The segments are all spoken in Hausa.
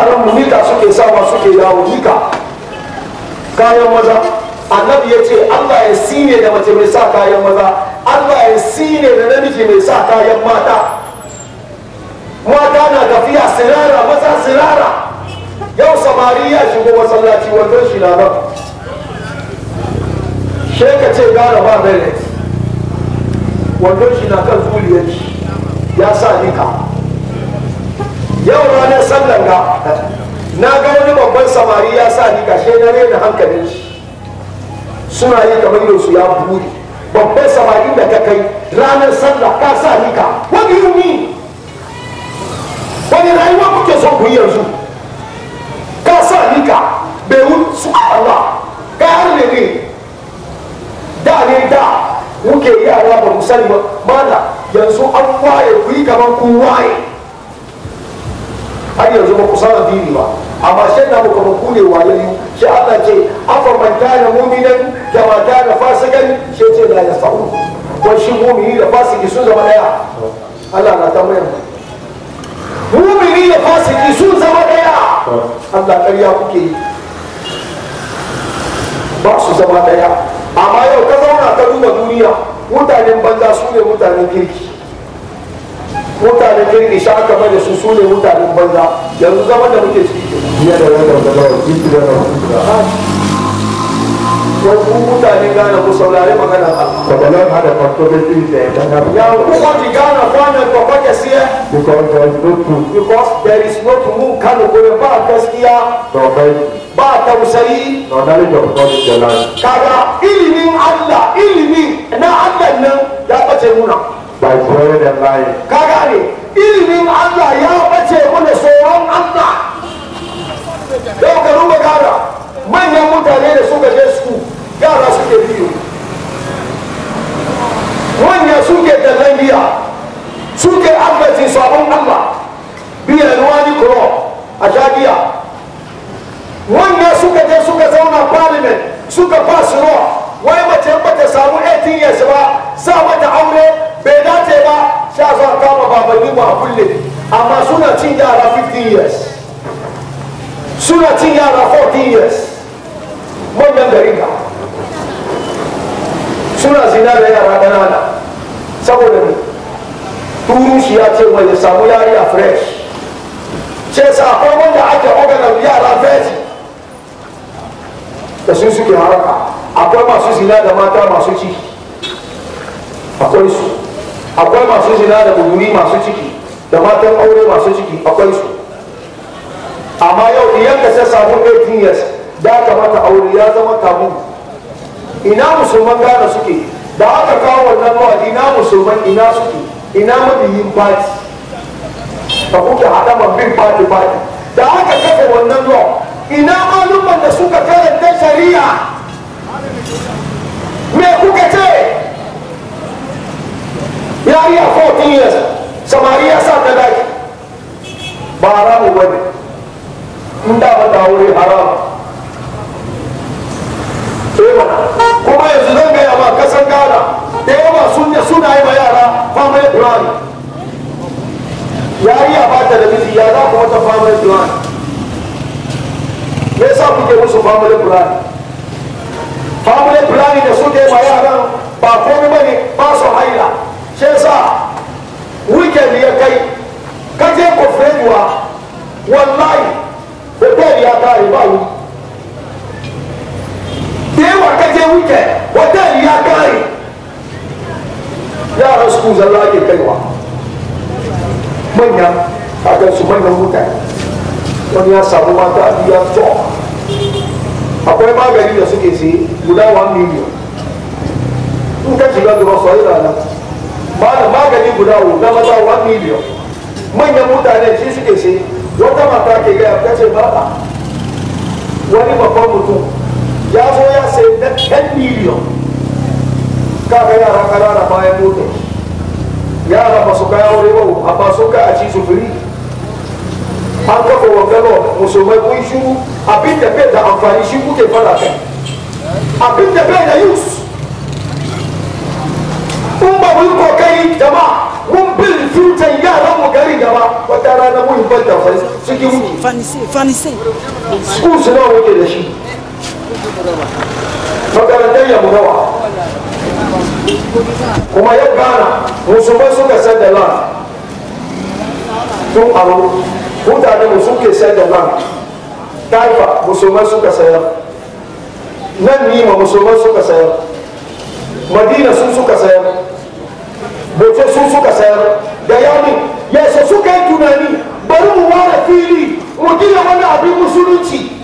yaran mu suke sawa suke yawo nika kayan maza annabi ya ce allah ya sine da mace mai sa kayan maza allah ya sine da namiji mai sa kayan mata mata na tafiya sirara maza sirara yau samari ya shigo masallaci wandon shi na nan sheka ce gara ba benet wandon shi na kan zuliyar ya sa nika yau ranar sallan ga na ga wani babban samari ya sa ni kashe na rena hankalin shi suna yi kamar yau su ya buri babban samari da ka kai ranar sallah ka sa ni ka wani yuni wani rayuwa kuke son ku yanzu ka sa ni ka bai wuce su ba ka har ne ne da ne da muke yara ba mu sani ba mana yanzu an waye ku yi kamar ku waye har yanzu ba ku san addini ba amma shi da muka ba kune wayayu shi Allah ce afa man kana mu'minan ma kana fasikan shi ce da ya sa'u ko shi mu'mini da fasiki sun zama daya Allah na ta tambayar mu'mini da fasiki sun zama daya Allah ƙarya kuke yi ba su zama daya amma yau ka zauna ka duba duniya mutanen banza su ne mutanen kirki mutanen jirgi sha aka da su sune mutanen banza yanzu zama da muke ciki ya da wanda da da ciki da da ko ku mutane gana ku saurare magana ba ba nan hada fatto da shi da ya ya ku ko di gana fana ko ba ke siya because there is no truth because there is no truth kan ko ba gaskiya to kai ba tausayi to dare da ko da kaga ilimin Allah ilimin na Allah nan ya bace muna by prayer da lying ka gane ilimin Allah ya bace mana tsoron Allah yau ka duba gara manyan mutane da suka je su yara suke biyu manya suke da lambiya suke ambaci sabon Allah biya ruwani kuro a jagiya manya suka je suka zauna parliament suka fasi ruwa wai mace ba ta samu 18 years ba sa mata aure bai dace ba sha za a kama babanni ba a kulle amma suna cin yara 15 years suna cin yara 14 years manyan gari ka suna zina da yara ƙanana saboda ne turushi ya ce mai samu yari a fresh ce sa akwai wanda ake organar yara feji da su suke haraka akwai masu zina da mata masu ciki akwai su akwai masu zina da buguri masu ciki da matan aure masu ciki akwai su amma yau in ka sai samu 18 years da ka mata aure ya zama tabu ina musulman gane suke da aka kawo wannan ruwa ina musulman ina suke ina mabiyin fati ka kuka haɗa bin fati fati da aka kafa wannan ruwa ina malumman da suka karanta shari'a kuɗi yanzu samari ya sa ka daki ba haramu ba ne in da ba da wuri haramu eh kuma yanzu zan gaya ma kasan gana da yawa sun ne suna yi ma yara family plan yariya ba ta da miji ya za ku wata family plan me yasa kuke musu family plan family plan da suke ma yaran ba komai ne ba su haila shi yasa weekend ya kai ka je kofreduwa wallahi hotel ya kare ba wuri da yawa ka je ya kare yara school zalla ake kaiwa manya a kan su manyan mutane wani ya samu mata biya to akwai magani da suke siye guda 1 million in ka shiga gaba magani guda uku na maza 1 miliyan manyan mutane shi suke sai wata mata ke gaya ta ce a wani babban mutum ya zo ya sayi na 10 miliyan kaga yara karara bayan motar yara ba su kaya wuri ba amma sun a ci su firi an kafa galo musulmai kun shi abin da bai da amfani shi kuke fara kai abin da bai da use ba mu yi kokari jama'a mun bin fitan yaran mu garin gaba wata rana mun ban da suke wuce fanise school su nawa wuce da shi makarantar ya nawa kuma ya gana musulman suka sayar da land tun aro mutane mu suke sayar da land taifa musulman suka sayar nan nima musulman suka sayar madina sun suka sayar boce su suka sayar da yamin yasa suka yi tunani bari mu ware fili mu gina wani abin musulunci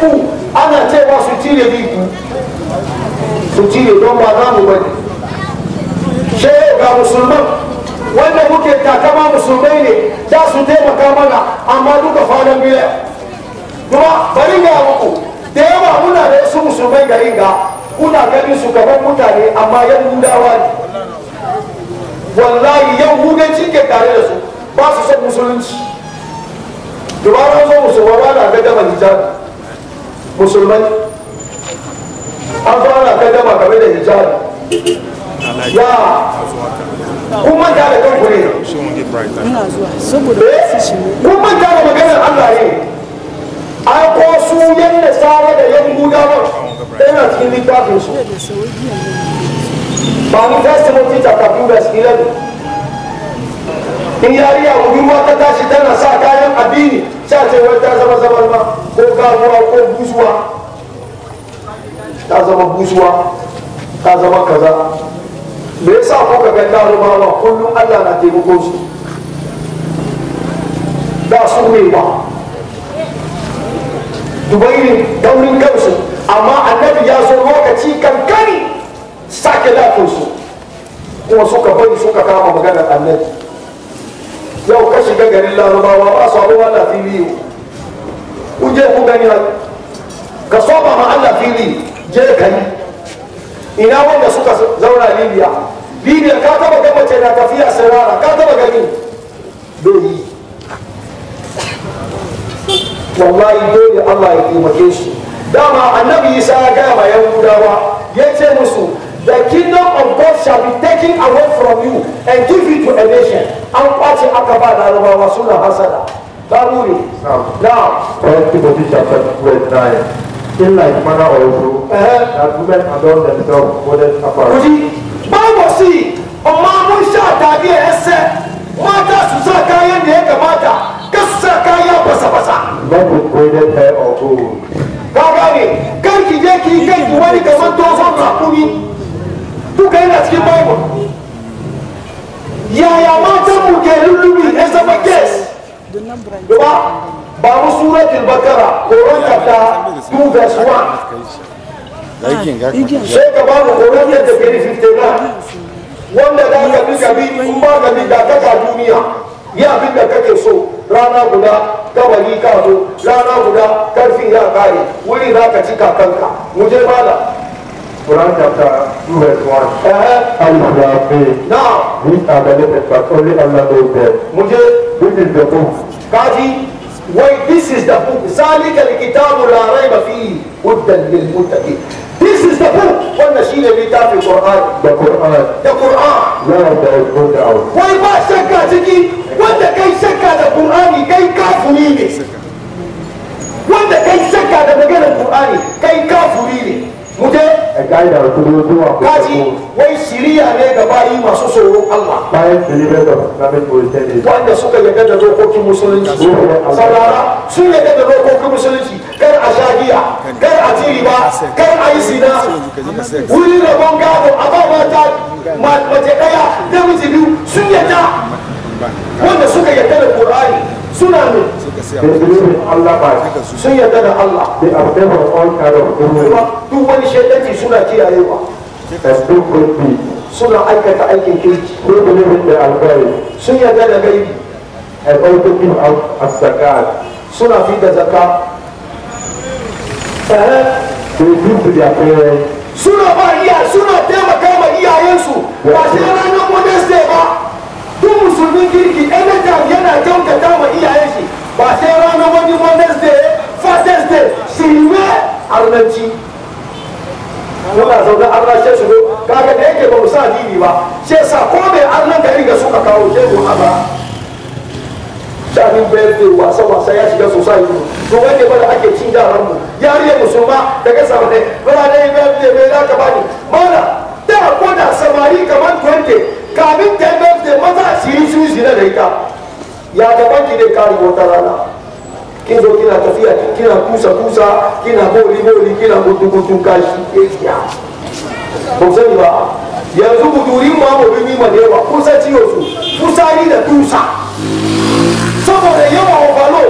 ku ana cewa su cire ku su cire don ba za mu bane she ga musulman wanda kuke takama musulmai ne za su taimaka mana amma duka falon biya kuma bari ga muku da yawa muna da su musulmai gari ga kuna ganin su gaban mutane amma yahudawa ne wallahi yahudanci ke tare da su ba su son musulunci dubaran zo musulmai na ga gama hijabi musulmai an fara kai dama game da hijabi ya kun manta da kanku ne eh, kun manta da maganar allah ne an ko su yadda sare da yan gudanar yana cikin littafin su ba ni testimony kafin da su 11 in yariya budurwa ta tashi tana sa kayan addini sai ce wai ta zama zabar ma ko kamuwa ko busuwa ta zama busuwa ta zama kaza me yasa ko ka ga karumawa kullum Allah na taimako su da su ne ba dubai ne daurin kansu amma annabi ya so lokaci kankani sake lafinsu kuma suka bari suka kama maganar annabi yau ka shiga garin larabawa ba su abuwa Allah fili ku je ku gani ka so ma Allah fili je ka yi ina wanda suka zauna Libya Libya ka taba ga mace na tafiya sirara ka taba gani doyi wallahi dole Allah ya taimake shi dama annabi Isa ya gaya ma Yahudawa ya ce musu the kingdom of God shall be taken away from you and give it to a nation an kwace aka ba larabawa suna hasada Baruri. Now, First Timothy chapter 2 verse In like manner also, uh-huh. that women adorn themselves modest apparel. Kuti, Bible see, ọmọ amúṣà tàbí ẹsẹ̀, mọ́tà sùsà káyé ní ẹ̀kẹ́ mọ́. gaba ba mu suratul bakara koron ta 2 verse 1 sai ka ba mu koron ta 59 wanda za ka bi gabi in ba gabi da kaka duniya yi abin da kake so rana guda gabani ka zo rana guda karfi ya kare wuri za ka ci kakanka mu je bala Quran chapter 2 verse 1 Alif Lam Mim Now These are the letters but only Allah knows them Mujhe This is the book قاضي وي ذس از ذا بوك ذلك الكتاب لا ريب فيه هدى للمتقين ذس از ذا بوك والنشيل اللي تاع في القران ذا قران ذا قران لا ذا هدى وي ما شكا تجي وانت كي شكا ذا قران كي كافو ليني وانت كي شكا ذا بقرا القران كي كافو ليني muje kaji wai shiriya ne ga bayi masu tsoron Allah wanda suka yarda da dokokin musulunci saurara sun yarda da dokokin musulunci kar a shagiya kar a jiri ba kar a yi zina wuri rabon gado a ba mata mace daya da miji biyu sun yarda wanda suka yarda da Qur'ani suna ne they believe in Allah by. sun yadda da Allah they are them of all kind of good duk wani shaidanci suna kiyayewa as good could be suna aikata aikin kirki they believe in the algari sun yadda da gaibi and also give out as zakat suna fi da zaka they give to their parents suna ba iya suna taimaka ma iyayensu ba sai ranar modest day ba duk musulmin kirki ɗan yana kyautata ma iyayen shi ba sai ranar wani wednesday thursday shirme arnanci muna zaune an rashe su kaga da yake ba mu sa dini ba sai sa ko bai arnan gari da suka kawo sai mu haza shafin birthday wasa wasa ya shiga sosai mu to wanda ba da ake cin yaran mu yariya musulma daga sabai bana ne birthday bai da ka bani mana da ko da samari kamar 20 kafin ta birthday maza su yi su zina da ita ya daban ki dai kare wata rana kin zo kina tafiya kina kusa kusa kina boli boli kina gudu gudu kashi gaskiya eh, ba sani ba yanzu budurin ma boli ni ma da yawa kusa ciyo su kusari da tusa saboda yawa obalo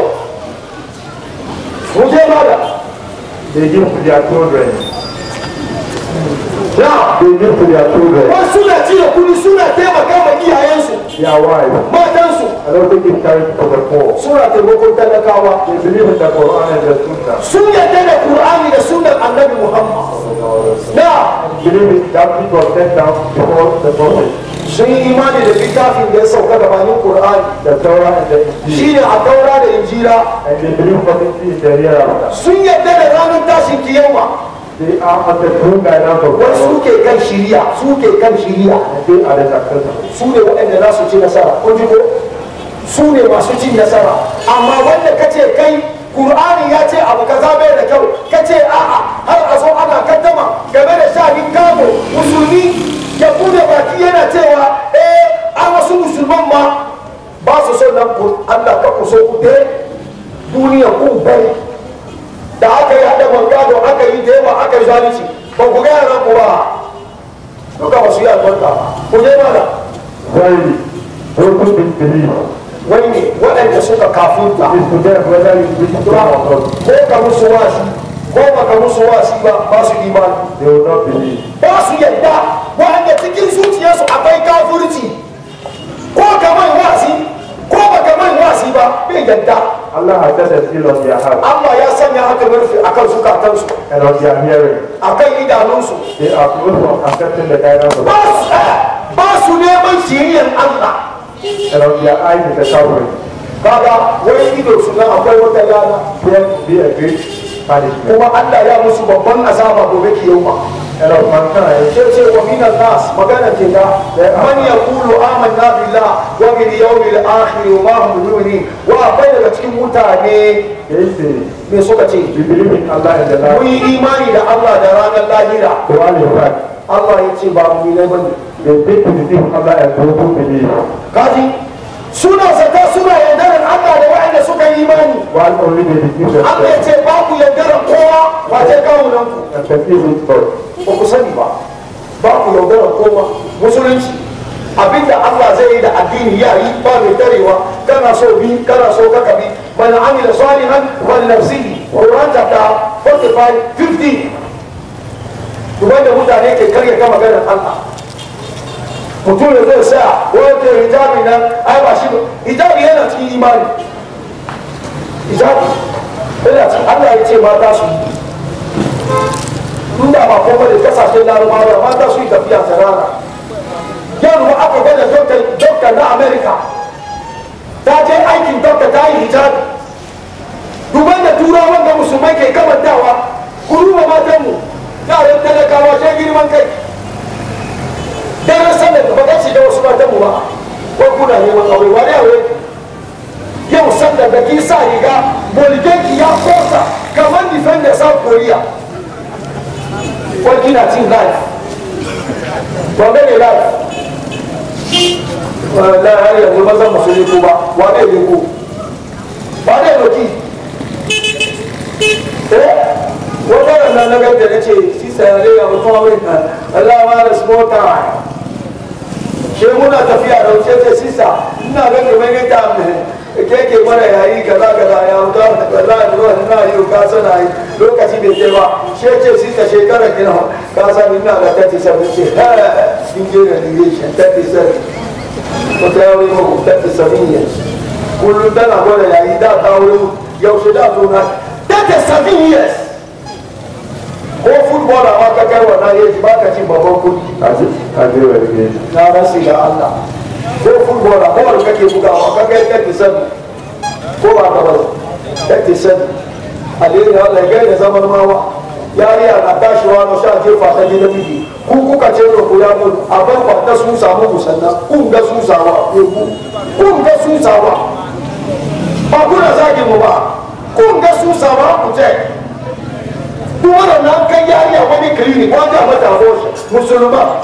mu je mada they give to their children now they give to their children wasu na ciyo kudi suna taimaka ma iyayensu ya wife I don't think it carried the poor. talakawa. They believe in the Quran and the Sunnah. Sun yarda da Qur'ani da Sunnar Annabi Muhammad. Na. Believe it that people sent down before the Prophet. Sun yi imani da littafin da ya sauka gabanin Qur'ani. Da Taura and the Injil. ne a Taura da Injila. And they believe what it is the real Sun yarda da ranar tashin kiyama. They are on the true guidance of Wai suke kan shiriya, suke kan shiriya. They are the Su ne waɗanda za su ci nasara. ko ji ko? su ne masu cin nasara amma wanda ka ce kai Kur'ani ya ce abu ka zabe da kyau ka ce a'a har a so ana kaddama game da shafin kamo musulmi ya bude baki yana cewa eh a wasu musulman ma ba su so nan ku Allah ka ku so ku duniya ku bari da aka yi hada mangado aka yi da yawa aka yi zalunci ba ku ga yaran ku ba duka ba su yi ku je mana wai ko kun bin wai ne waɗanda suka kafinta ko ka musu washi ko ba ka musu washi ba ba su iman ba su yadda waɗanda cikin zuciyarsu akwai kafirci ko ka mai wasi ko ba ka mai wasi ba bai yadda Allah ya ya sanya haka murfi akan zukatansu akan idanunsu eh, ba su neman shiyayyar Allah rabiya aiki ta wani ido suna akwai wata rana biyar kuma allah ya musu babban azaba gobe kiyoma ce ce wa minan nas magana ce man ya kulu amanna billah wa bil yawmil akhir wa ma hum wa akwai daga cikin mutane me suka ce mun yi imani da Allah da ranar lahira Allah ya ce ba mu ne bane da take believe Allah and those believe kaji suna zata suna yaudarar Allah da waɗanda suka yi imani while only they believe that Allah ya ce ba ku yaudarar kowa ba ta kawo nan ku and believe it for ba ku sani ba ba ku yaudarar kowa musulunci abinda Allah zai yi da addini ya yi ba mai tarewa kana so bi kana so ka kabi man amila salihan wal nafsihi Quran chapter 45 50 kuma da mutane ke karya kama ganin Allah mutum da zai sa wanda hijabi nan ai ba shi ba hijabi yana cikin imani hijabi yana cikin Allah ya ce mata su yi inda ba kuma da kasashen larabawa mata su yi tafiya ta rana ma aka gada dokta na america ta je aikin dokta ta yi hijabi duban da turawan da musulmai ke kamantawa ku duba matanmu yaran talakawa sai girman kai daren sallar da ba za su wasu matanmu ba ko kuna neman aure wani aure yau sallar da kisa sa riga bolgenki ya kosa kamar defender south korea ko kina cin life wanda ne life wanda har yanzu mazan masu yi ko ba wanda ne ko ba da yau ki eh wanda na nagar da na ce sanadiyya mutumin nan Allah ma da smota ke muna tafiya da wuce ta sisa ina ga ke mai gita mai ke ke mara yayi kaza kaza ya wuta wallahi ruwa ina yi ka sana yi lokaci bai je ba she ce na shekara kina ka san ina ga 37 ce ha injiniya ne shi 37 wata yawo yi mu 37 years kullum tana gwada yayi da ta da zo na ko football ma ka kai wannan yaji ba ka ci babban kudi na rasi ga Allah ko football a ke kake bugawa ka kai kai sani ko ba ka bari kake sani alheri Allah ya da zaman mawa a na tashiwa na sha jefa ta na miji ku kuka ce ku ya mun abin ba ta sun samu musanna kun ga sun sawa eh, ku kun ga sun sawa ba kuna zagi mu ba kun ga sun sawa ku ce yariya wani kiri ne ta mata goshi musulma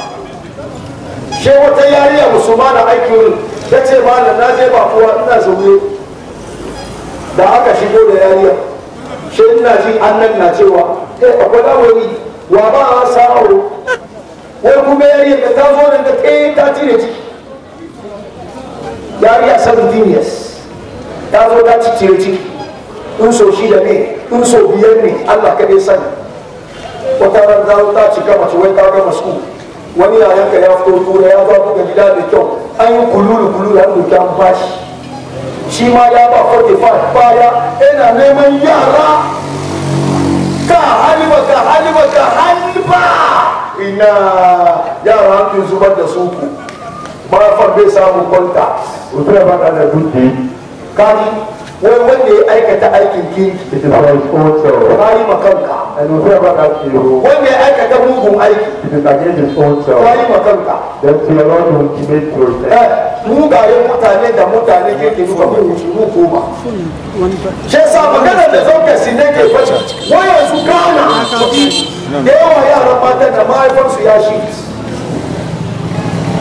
she wata yariya musulma da aikin wurin ta ce malam na je kuwa ina zaune da aka shigo da yariya she ina ji annan na cewa ko eh, akwai lawari wa ba a sa'aro wai kuma yariya da ta zo nan da ta ta cire ciki yariya 17 years ta zo ta cire ciki in so shi da ne in so biyar ne allah kaɗai sani wata ran za ta cika mace wai ta gama su wani yayan ka ya fito tura ya zo ga gida da kyau an yi kululu kululu an doki an bashi shi ma ya ba 45 baya yana neman yara ka haliba ka haliba ka haliba ina yara an zubar da su ku ba far bai samu kwanta wato ya ba ka da dutse kari wai wanda ya aikata aikin kinki ka yi makanka And wanda ya aikata mugun aiki it is against his ka yi makanka mutane da mutane ke ke duka bai wuce mu koma shi yasa magana da zo ka sine ke fashi wayan su kana da yawa yaran mata da mahaifansu ya shi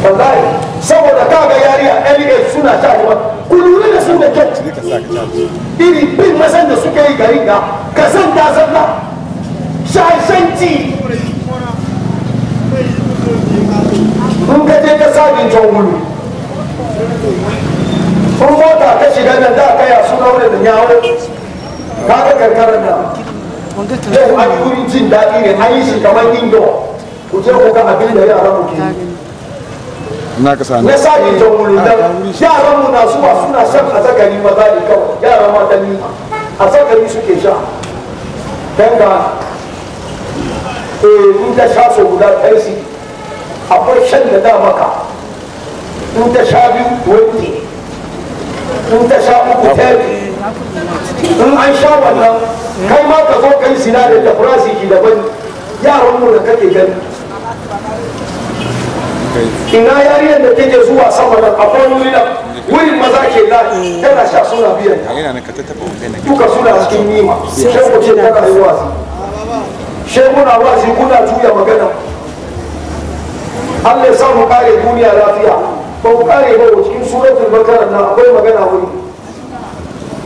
wallahi saboda kaga yariya LA suna ta ruwa ku lura da sun da kyau iri bin masan da suke yi garin da ka san ta zanna mutunci in ka je ka sabin jan wuri kun mota ka shiga nan da ka yasu daure da yawo ka ga karkarar da yau an yi wurin jin daɗi ne an yi shi kamar indo ku je ku ga abin da yara mu ke na ka sani na sabin jan wuri nan yaran mu na zuwa suna shan azakari maza ne kawai yaran mata ni azakari suke sha dan in ta sha sau guda ta yi akwai shan da da maka in ta sha biyu wanke in ta sha uku ta in an sha wannan kai ma ka zo kai sinadar da furasi ki daban yaran mu da kake gani ina yariyar da take zuwa sama da akwai wuri wurin maza ke da tana sha suna biyan duka suna cikin nima sai ku ce tana yi wasi she kuna wazi kuna juya magana Allah ya samu kare duniya lafiya ba ku kare ba cikin suratul bakara na akwai magana wuri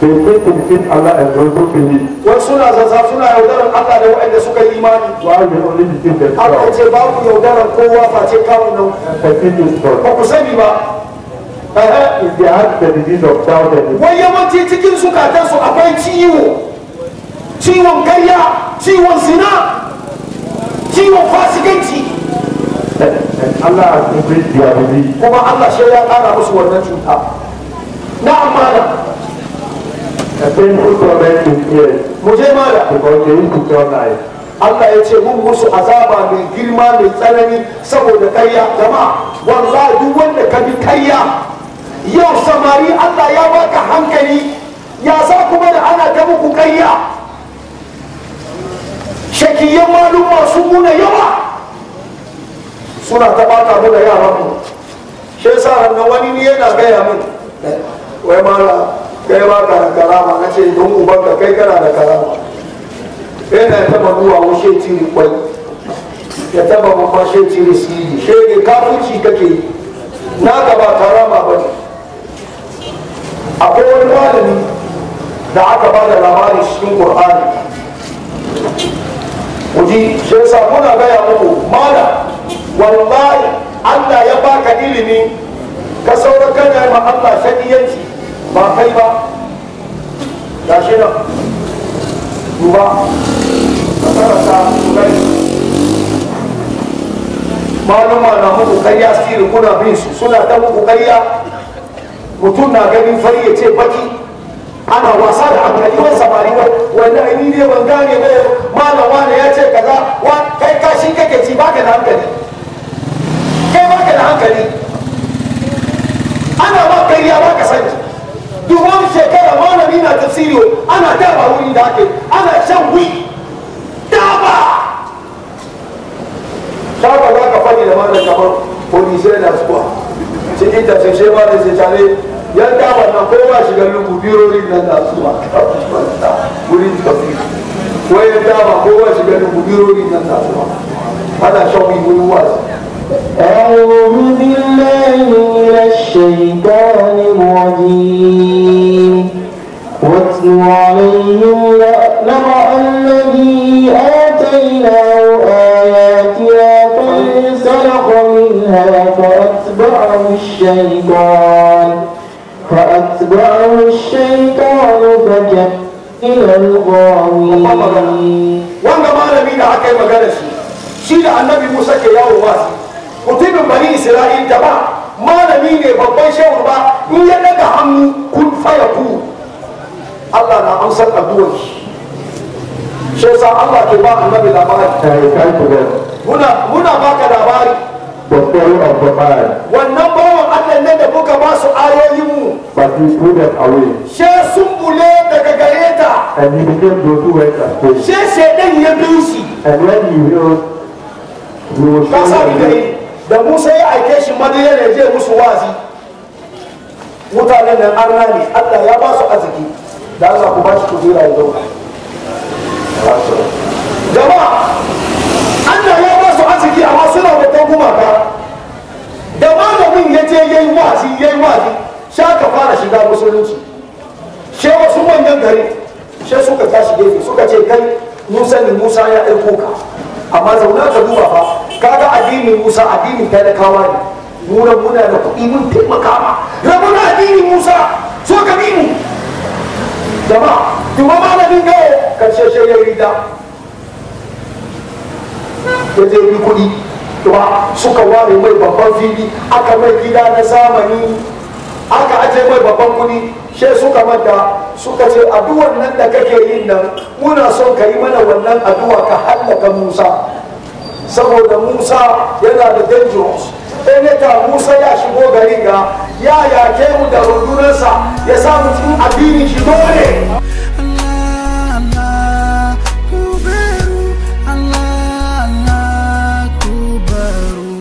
bai Allah a yanzu ku yi wasu na zaza suna yaudaran Allah da waɗanda suka yi imani Allah ce ba ku yaudaran kowa face kawunan ba ku sani ba Perhaps is the heart the disease of doubt and Wai yawanci cikin su Allah ya kuma Allah shi ya kara musu wannan cuta na amana da. hukumar dukiyar mu je mala because you took your life Allah ya ce mun musu azaba mai girma mai tsanani saboda karya jama'a wallahi duk wanda ka bi karya yau samari Allah ya baka hankali ya za kuma da ana ta muku karya shakiyan malum masu muna yawa suna ta bata mu da yara mu shi yasa hannu wani ne yana gaya min wai mala kai ba ka da karama na ce don uban ka kai kana da karama yana taba ruwa wa shi tiri kwai ya taba mamma shi tiri siri shi ne kafuci kake na ka ba karama ba ne akwai wani malami da aka ba da labarin cikin qur'ani ji shi yasa muna gaya muku mala wallahi Allah ya baka ilimi ka saura ya ma Allah shakiyanci ba kai ba shi nan duba ka karanta kudai maluma na muku karya siri kuna bin su suna ta muku karya mutum na ganin fari ya ce baki ana wasa da hankali wasa samari ba wanda ni ne ban gane ba malam ne ya ce kaza wa kai kashi kake ci baka da hankali baka da hankali ana ba kariya ba ka sani duk wani shekara malami na tafsiri ana taba wuri da ake ana shan wi taba taba za ka fadi da malam kamar polisai na suwa cikin tafsir ba da sai tare yan taba na ba shiga lugu birorin nan na suwa wurin tafsiri ko yan taba kowa shiga lugu birorin nan na suwa ana shan wi wuri wasu أعوذ بالله من الشيطان الرجيم واتل عليهم نبأ الذي آتيناه آياتنا فانسلخ منها فأتبعه الشيطان فأتبعه الشيطان فجأ إلى الغاوين وأنا ما نبي لعكي مجالسي شيل عن نبي موسى كياه واسي mutumin bani isra'il jama'a malami ne babban shehu ba in ya daga hannu kun faya ku Allah na amsar addu'ar shi yasa Allah ke ba annabi labari muna muna baka labari wannan bawan Allah ne da muka ba su ayoyin mu but he threw them away she sun bule daga gare ta and he became those who went astray she shedan ya bi shi and when he healed he was shown da musa ya aike shi madina ne je musu wazi mutanen nan arna ne allah ya ba su arziki da allah ku ba shi kujera ya zauna jama'a allah ya ba su arziki amma suna bautan gumaka da malamin ya je ya yi wazi ya yi wazi sha ka fara shiga musulunci she wasu manyan gari she suka tashi gefe suka ce kai musa ne musa ya aiko ka amma zauna ka duba fa kaga addinin musa addinin talakawa ne muna muna da kuɗi mun taimaka ma rabu na addinin musa so ka bi mu jama'a tuma malamin gawo karshe shi ya da ya je yi kuɗi tuma suka ware mai babban fili aka mai gida na zamani aka aje mai babban kuɗi she suka manta suka ce addu'ar nan da kake yin nan muna son ka yi mana wannan addu'a ka hallaka musa saboda musa yana da dangerous yata musa ya shigo garin ga ya yake mu da rundunarsa ya samu cikin abinin shi dole